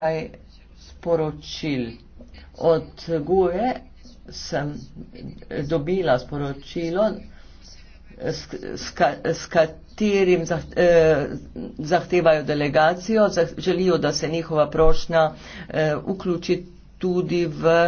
nekaj sporočil. Od Guje sem dobila sporočilo, s, s, s katerim eh, zahtevajo delegacijo, želijo, da se njihova prošnja eh, vključi tudi v